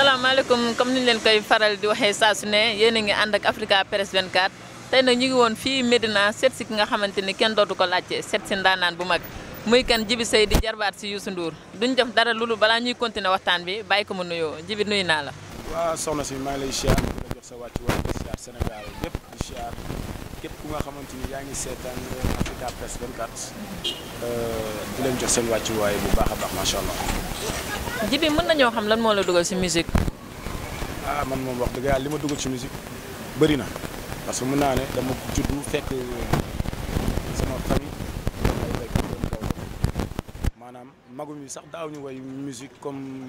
salaamaaleykum comme niñ leen koy faral di waxee saa su ne yéen a ngi ànd ak Africa Press 24 tey nag ñu ngi woon fii Médina seet si ki nga xamante ni kenn dootu ko laajte seet si ndaanaan bu mag muy kan Djiby say di jarbaat si Youssou Ndour duñ def dara loolu balaa ñuy continuer waxtaan bi bàyyi ko mu nuyoo Djiby nuyu naa la. waaw soxna si maa ngi lay siyaar di la jox sa wàcc waa di siyaar Sénégal yëpp di siyaar képp ku nga xamante ni yaa ngi seetaan Africa Press 24 euh, di leen jox seen wàccuwaay bu baax a baax macha allah. Jibi mën nañoo xam lan moo la dugal ci musique. ah man moom wax dëgg li ma dugal ci musique bëri na parce que mën naa ne dama juddu fekk sama famille maanaam magum yi sax daaw ñu way musique comme.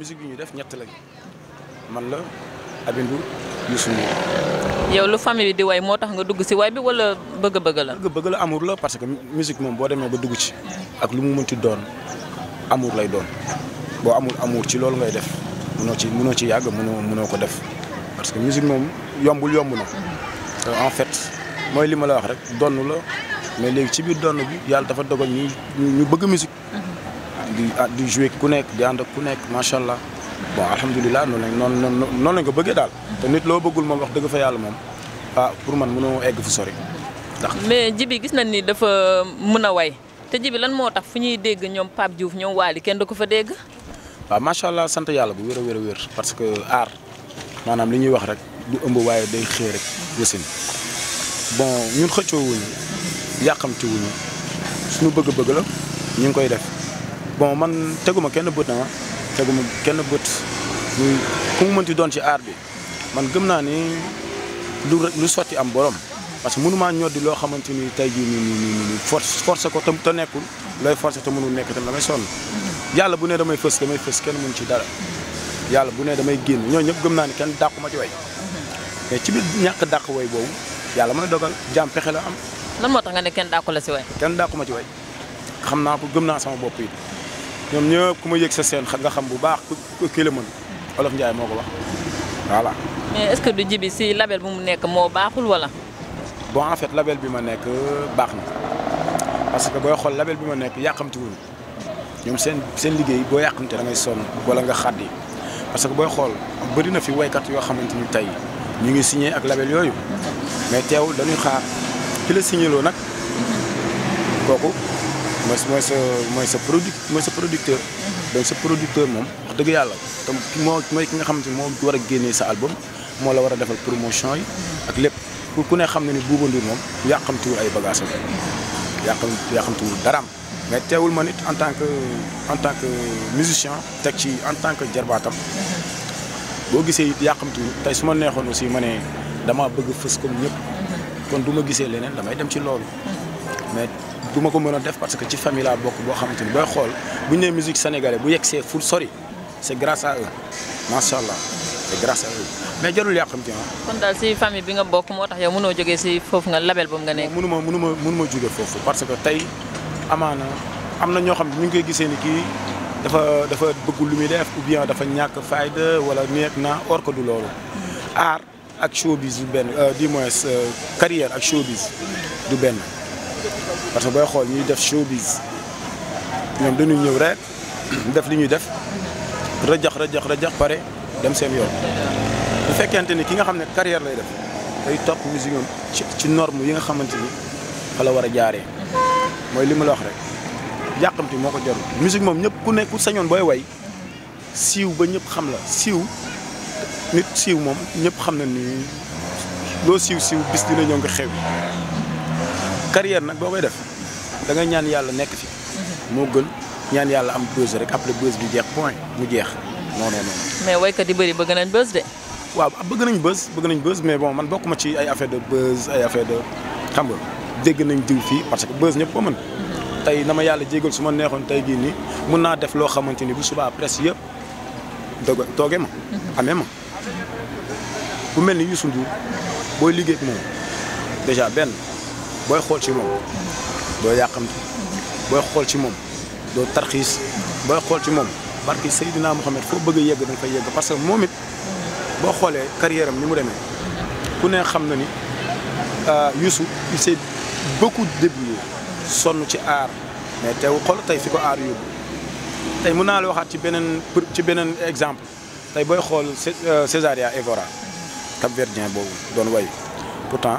musique bi ñuy def ñett lañ man la Abindou Youssou Ndour. yow lu famille di way moo tax nga dugg si waay bi wala bëgg-bëgg la. bëgg la amour la parce que musique moom boo demee ba dugg ci. ak lu mu mënti doon amour lay doon boo amul amour ci loolu ngay def mënoo ci mënoo ci yàgg mënoo mënoo ko def parce que musique moom yombul yomb na. Euh, en fait mooy li ma la wax rek donn la mais léegi ci biir donn bi yàlla dafa dogal ñu ñu bëgg musique. di ah, di ku nekk di ànd ku nekk macha allah bon alhamdulilah noonu lañ noonu noonu lañ ko bëggee daal. te nit loo bëggul moom wax dëgg fa yàlla moom ah pour man mënoo egg fu sori ndax. mais jibi gis nañ ni dafa mën a way te jibi lan moo tax fu ñuy dégg ñoom Pape Diouf ñoom waali kenn da ko fa dégg. waaw macha allah sant yàlla bu wér a wér a wér parce que aar maanaam li ñuy wax rek du ëmb waaye day xëy rek wëssin bon ñun xëccoo wuñu yàqamti wuñu suñu bëgg-bëgg la ñu ngi koy bon man teguma kenn bët ah teguma kenn bët muy ku mu mënti doon ci aar bi man gëm naa ni lu lu sotti am borom parce que mënumaa ñoddi loo xamante ni tey jii nii nii nii force force ko te te nekkul looy forcé te mënul nekk tam damay sonn yàlla bu ne damay fës damay fës kenn mënu ci dara yàlla bu ne damay génn ñoo ñëpp gëm naa ni kenn dàqu ma ci way mais ci biir ñàkk dàq way boobu yàlla mooy dogal jaam pexe la am. lan moo tax nga ne kenn dàqu la si way. kenn dàqu ma ci way xam naa ko gëm naa sama bopp yi. ñoom ñepp kuma ma sa seen xam nga xam bu baax ku kii la mën Olof Ndiaye moo wax voilà. mais est-ce que du jibi si label bu mu nekk mo baaxul wala. bon en fait label bi ma nekk euh, baax na parce que boy xol label bi ma yakamti yàqamtiwuñu ñoom seen seen liggéey boo yakamti da ngay son wala nga xadi parce que boy xol bari na fi way kat yo xamanteni tay ñu ngi signé ak label yoyu mais tew dañuy xaar ki la signéloo nak kooku. mooy mooy sa mooy sa produit mooy sa producteur. donc sa producteur moom wax dëgg yàlla tam moo mooy ki nga xamante ni moo war a génnee sa album moo la war a defal promotion yi. ak lépp pour ku ne xam ne ni Bouba Ndour moom yàqamtiwul ay bagages am yàqam yàqamtiwul daraam. mais teewul ma nit en tant que en tant que musicien teg ci en tant que jarbaatam boo gisee it tey su ma neexoon aussi ma ne damaa bëgg fës comme ñëpp kon du ma gisee leneen damay dem ci loolu duma ko mën def parce que ci famille la bokk bo xamanteni boy xol bu ñe musique sénégalais bu yegsee ful sori c'est grâce à eux machallah allah grâce à eux mais jarul ya xam te kon dal ci famille bi nga bokk moo tax yow mënoo jógee si foofu nga label boobu nga nek mënuma mënuma mënuma joggé fofu parce que tay amana amna ño xam ni ñu ngi koy gisé ni ki dafa dafa bëgg lu muy def ou bien dafa ñak fayda wala nekk na or ko du lolu art ak showbiz du euh du moins euh, carrière ak showbiz du ben parce que booy xool ñuy def showbiz ñoom dañuy ñëw rek def li ñuy def rajax rajax rajax pare dem seen yoon. bu fekkente ni ki nga xam ne carrière lay def ay topp musique am ci ci norme yi nga xamante ni fa war a jaare mooy li ma la wax rek yàqamti moo ko jarul. musique moom ñëpp ku ne sañoon booy way siiw ba ñëpp xam la siiw nit siiw moom ñëpp xam na ni loo siiw siiw bis dina ñëw nga xew. carrière nak boo def da nga ñaan yalla nek fi mo gën ñaan yalla am buzz rek après buzz bi jeex point mu jeex non non non. mais way ka di bëri bëgg nañ buzz dé waaw bëgg nañ buzz bëgg nañ buzz mais bon man bokuma ci ay affaire de buzz ay affaire de xam nga dégg nañ diw fi parce que buzz ñëpp ko man tay nama yalla yàlla suma su ma neexoon tey jii nii mun def lo xamanteni bu suba presse yëpp doge tooge ma. amee ma bu melni ni Youssou Ndour booy liggéey ak mom déjà ben boy xol ci mom do yakamti boy xol ci mom do tarxiis boy xol ci mom barki sayyidina mohammed foo bëgg yegg da nga fay yegg parce que momit it xolé xoolee carrière am ni mu démé ku né xam na ni euh, Youssou il s'est beaucoup débrouillé sonn ci art mais teew xol tay fiko art aar tay tey mën la waxat ci benen ci benen exemple tay boy xol euh, Césaria Evora cap-verdien boobu doon way pourtant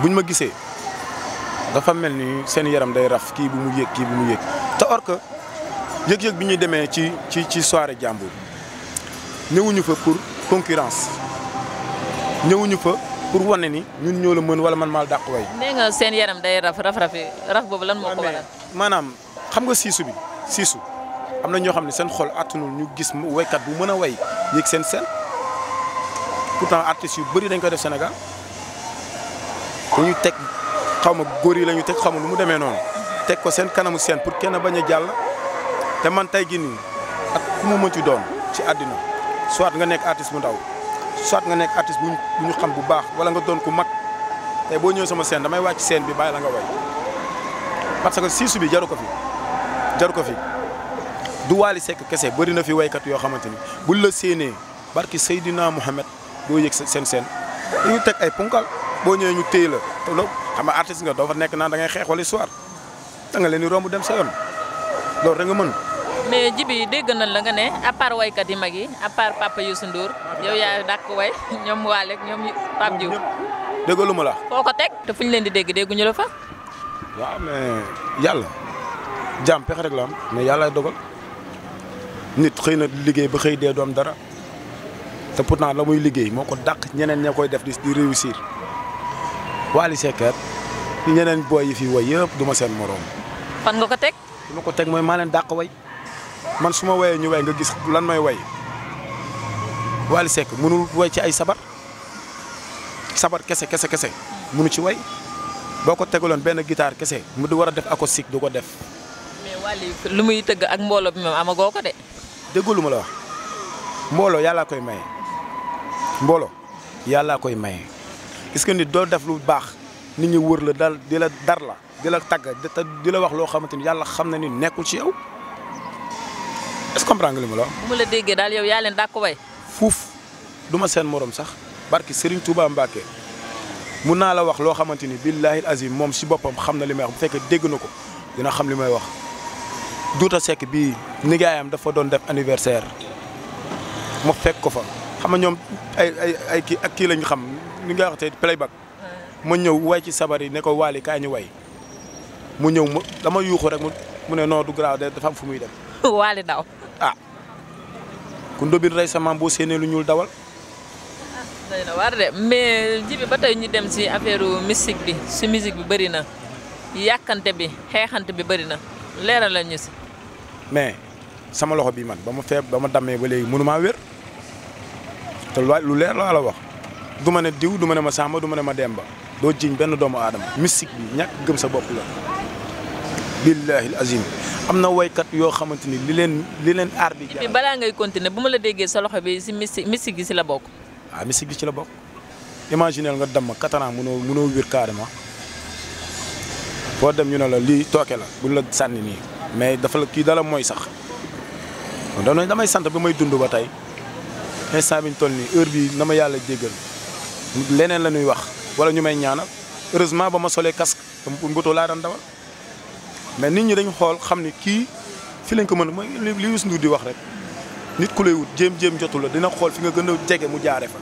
buñ ma gissé dafa melni seen yaram day raf vous bu mu or que soirée fa pour concurrence fa pour ni ñun ñoo la concurrence. wala man mal dakk way seen yaram day raf raf raf bobu lan waral xam nga sisu bi sisu amna ñoo seen xol atunul ñu gis bu way yek seen seen pourtant Sénégal ñu teg xaw ma góor yi la ñu teg xaw ma lu mu demee noonu teg ko seen kanamu seen pour kenn bañ a jàll te man tey gi nii ak ku mu mënti doon ci àddina soit nga nekk artiste mu ndaw soit nga nekk artiste bu ñu xam bu baax wala nga doon ku mag tey boo ñëw sama seen damay wàcc seen bi baay la nga way parce que siisu bi jaru ko fi jaru ko fi du Wally Seck kese bëri na fi waykat yoo xamante ni buñ la séenee barki Seydina Mouhamed doo yëg seen seen dañu teg ay punkal boo ñëwee ñu téye la te loolu xam nga artiste nga doo fa nekk naa da ngay xeex wala histoire da nga leen di romb dem sa yoon loolu rek nga mën. mais jibi dégg nañ la nga ne à part yi mag yi à part papa Youssou Ndour yow yaa dàq ak ñoom ma la. foo ko teg te fu ñu leen di dégg dégguñu la fa. waaw mais yàlla jaam pexe rek la am mais yàlla dogal nit xëy na liggéey ba xëy dee doom dara te naa la muy liggéey moo ko dàq ñeneen ña koy def di réussir. Wali ni ñeneen boy yi fi way yeb duma ma seen morom. fan nga ko tek duma ko tek moy ma len dàq way man suma waye ñu way nga gis lan may way wali sek mënul way ci ay sabar sabar kese kese kese mënu ci way boko ko ben guitar guitare kese mu du wara def acoustique du ko def. mais wali lu muy teug ak mbolo bi yala koi ko de. deguluma la wax mbolo yalla koy may mbolo yalla koy may gis nga nit doo def lu baax nit ñi wër la dal di la dar la di la tagg di la wax loo xamante ni yàlla xam na ni nekkul ci yow est-ce que li ma la la déggee daal yow yaa leen dàq way. fuuf du ma seen moroom sax barki sëriñ Touba Mbacke mun naa la wax loo xamante ni billahi azim moom si boppam xam na li may wax bu fekkee dégg na ko dina xam li may wax. Douta sekk bi nigaayam dafa doon def anniversaire ma fekk ko fa xam na ñoom ay ay ay kii ak kii lañ xam li nga wax te playback ma ñëw way ci sabar yi ne ko waali kaay ñu way mu ñëw mu dama yuuxu rek mu ne noo du graaw dafa am fu muy dem. waali daw. ah ku ndóbin rey sama boo séenee lu ñuul dawal. day mais ji bi ba tey ñu dem si affaire mystique bi si musique bi bëri na yàkkante bi xeexante bi bëri na leeral la ñu si. mais sama loxo bii man ba ma feeb ba ma dammee ba léegi mënumaa wér te lu leer laa la wax. du ma ne diw du ma ne ma Samba du ma ne ma dem ba doo jiñ benn doomu aadama mystique bi ñàkk gëm sa bopp la. billahi azim am na woykat yoo xamante ni li leen li leen aar bi. balaa ngay continuer bu ma la déggee sa loxo bi si mystique mystique gi si la bokk. ah mystique gi ci la bokk. imagineel nga dem ma katana mënoo mënoo wér carrément boo dem ñu ne la lii tooke la buñ la sànni nii mais dafa la kii dala mooy sax nooy damay sant bi may dund ba tey instant biñ toll nii heure bi na ma yàlla jéggal. leneen la ñuy wax wala ñu may ñaanal heureusement ba ma solee casque mbuto laa daan dawal mais nit ñi dañ xool xam ni kii fi lañ ko mën mooy li Youssou Ndour di wax rek nit ku lay wut jéem jéem jotu dina xool fi nga gën a jege mu jaare fa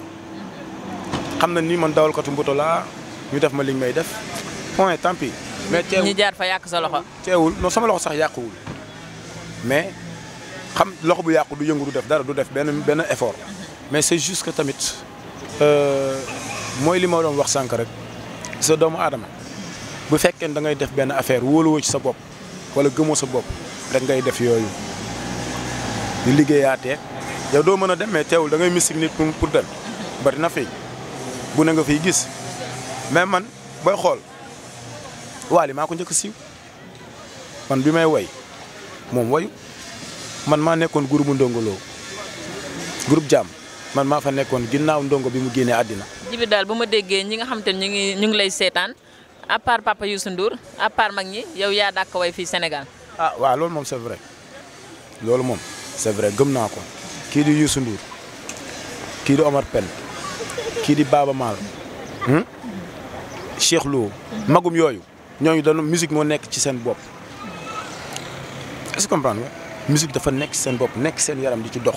xam na ni man dawalkatu mbuto laa ñu def ma liñ may def point tant pis mais jaar fa yàq sa teewul non sama loxo sax yàquwul mais xam loxo bu yàqu du yëngu def dara du def benn benn effort mais c'est juste tamit. Euh, moy li ma doon wax sank rek sa doomu adam bu fekkee da ngay def ben affaire wo ci sa bop wala gëmo sa bop rek ngay def yoyu di liggeyate yow do meuna dem mais tewul da ngay mystique nit pour dem bari na fi bu na nga fi gis mais man boy xol wali mako ñëk siw man bi may way mom wayu man ma nekkon groupe Ndongo Lo groupe jam man maa fa nekkoon ginnaaw ndongo bi mu génnee àddina. jibi daal bu ma déggee ñi nga xam te ne ñu ngi ñu ngi lay seetaan à part papa Youssou Ndour à part mag ñi yow yaa dàkk way fii senegal ah waaw loolu moom c'est vrai loolu moom c'est vrai gëm naa ko kii di Youssou Ndour kii di Omar Pène kii di Baba Maal hmm? Cheikh Lo magum yooyu ñooñu dañu musique moo nekk ci seen bopp est-ce que comprendre musique dafa nekk seen bopp nekk seen yaram di ci dox.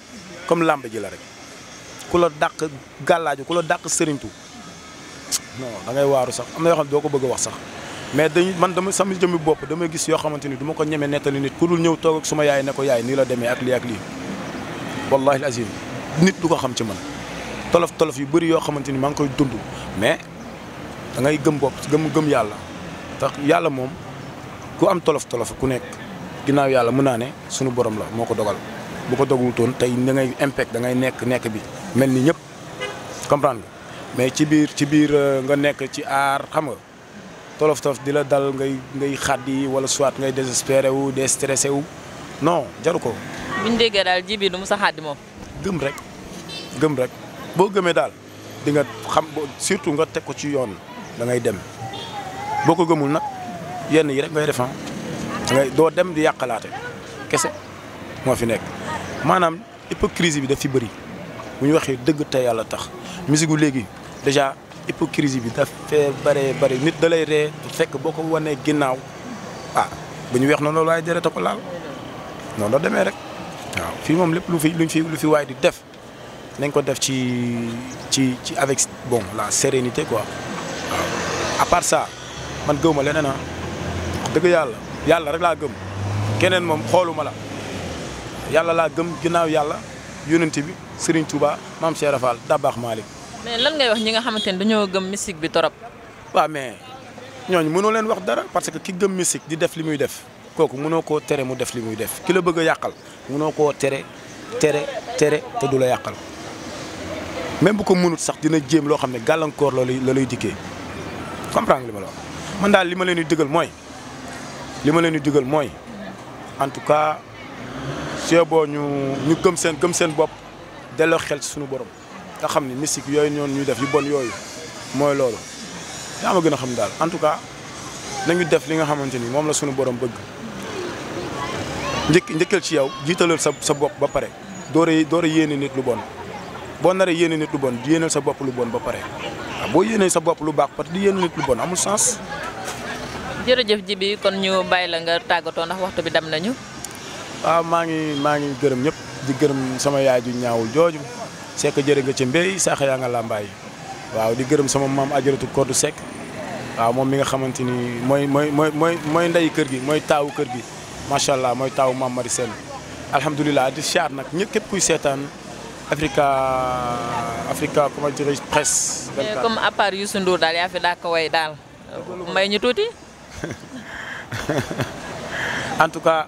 comme làmb ji la rek ku la dàq gàllaaju ku la dàq sëriñtu non da ngay waaru sax am na yoo xam ne doo ko bëgg a wax sax mais dañu man dama sama jëmmi bopp damay gis yoo xamante ni du ko ñeme nettali nit ku dul ñëw toog ak suma yaay ne ko yaay nii la demee ak lii ak lii wallahi azim nit du ko xam ci man tolof tolof yu bëri yoo xamante ni maa ngi koy dund mais da ngay gëm bopp gëm gëm yàlla tax yàlla moom ku am tolof tolof ku nekk ginnaaw yàlla mën naa ne sunu borom la moo ko dogal bu ko dogul toon tey nangay ngay impact da ngay nekk nekk bi mel ni ñëpp comprendre nga mais ci biir ci biir euh, nga nekk ci aar xam nga tolof tolof di la dal ngay ngay xaddi wala soit ngay désespéré wu déstressé wu non jaru ko. buñ déggee daal ji bi du mu sa xaddi moom. gëm rek gëm rek boo gëmee daal di nga xam surtout nga teg ko ci yoon da ngay dem boo ko gëmul nag yenn yi rek ngay defan ah. da doo dem di yàqalaate kese moo fi nekk. manam hypocrisie bi da fi bëri buñ waxe deug te tax musique gu déjà hypocrisie bi da fe bëree bëri nit dalay fekk ah non laal non la démé rek waaw lu fi lu fi di def def ci ci ci avec bon la sérénité quoi à part ça man gëw lénen leneen ne ah. yalla yalla rek la gëm keneen mom xoluma la yalla la gëm ginnaaw yalla yoonenti bi Serigne Touba mam Cheikh Rafal dabakh malik mais lan ngay wax ñi nga xamanteni dañu gëm mystique bi torop. wa mais ñooñu mënoo leen wax dara parce que ki gëm mystique di def limuy def koku mëno ko téré mu def limuy def ki la bëgg yaqal mëno ko téré téré téré tere te du la même bu ko mënut sax dina jëm lo xamné galancor gàllankoor la lay la comprendre li ma wax. man dal lima leen di digal moy lima leen di digal moy en tout cas su yeboo ñu ñu gëm seen gëm seen bopp delloo xel ci suñu borom nga xam ni mystique yooyu noonu ñuy def yu bon yooyu mooy loolu yaa ma gën a xam daal en tout cas nañu def li nga xamante ni la suñu borom bëgg njëkk njëkkal ci yow jiitalal sa sa bopp ba pare doore doore yéene nit lu bon boo naree yéene nit lu bon yéeneel sa bopp lu bon ba pare waaw ah, boo sa bopp lu baax parce di yéene nit lu bon amul sens. jërëjëf Djiby kon ñu bàyyi nga tàggatoo ndax waxtu bi dam nañu waaw ah, maa ngi ngi gërëm ñëpp di gërëm sama yaay ju ñaawul joju sék jëre nga ci mbéy sax ya nga lambay waaw di gërëm sama mam ajaratu kordu sék waaw mom mi nga xamanteni moy moy moy moy mooy mooy kër gi moy taw kër gi macha allah mooy taawu maam Mari Sène alhamdulilah di siyaar nak ñëk kep kuy seetaan Afrika, Africa comment dirais je presse. comme à part Youssou Ndour daal yaa fi dàkk way Dal. may ñu tuuti. en tout cas.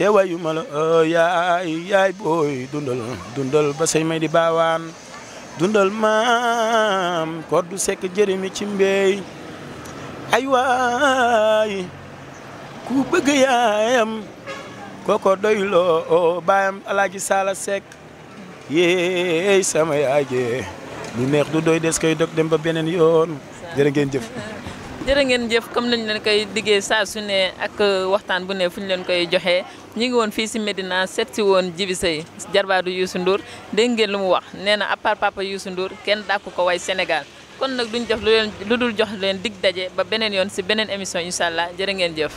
teewaayu ma la oh, yaay yaay booy dundal dundal ba say may di baawaan dundal maam kor du sekk jërëmi ci mbéy ay waay ku bëgg yaayam kooko doyloo oh, baayam alaaji saala sekk yéey sama yaay jee lu neex du doy des koy dog dem ba beneen yoon jërë ngeen jëf jërë ngeen jëf comme nañu leen koy diggee saa su ne ak euh, waxtaan bu ne fu ñu leen koy joxee ñu ngi woon fii si Medina seet si woon Djiby Seye jarbaadu Youssou Ndour dégg ngeen lu mu wax nee na à part Nduur kenn dàkku ko way Sénégal kon nag duñ def lu lu dul jox leen dig daje ba beneen yoon si beneen émission incha allah jërë ngeen jëf.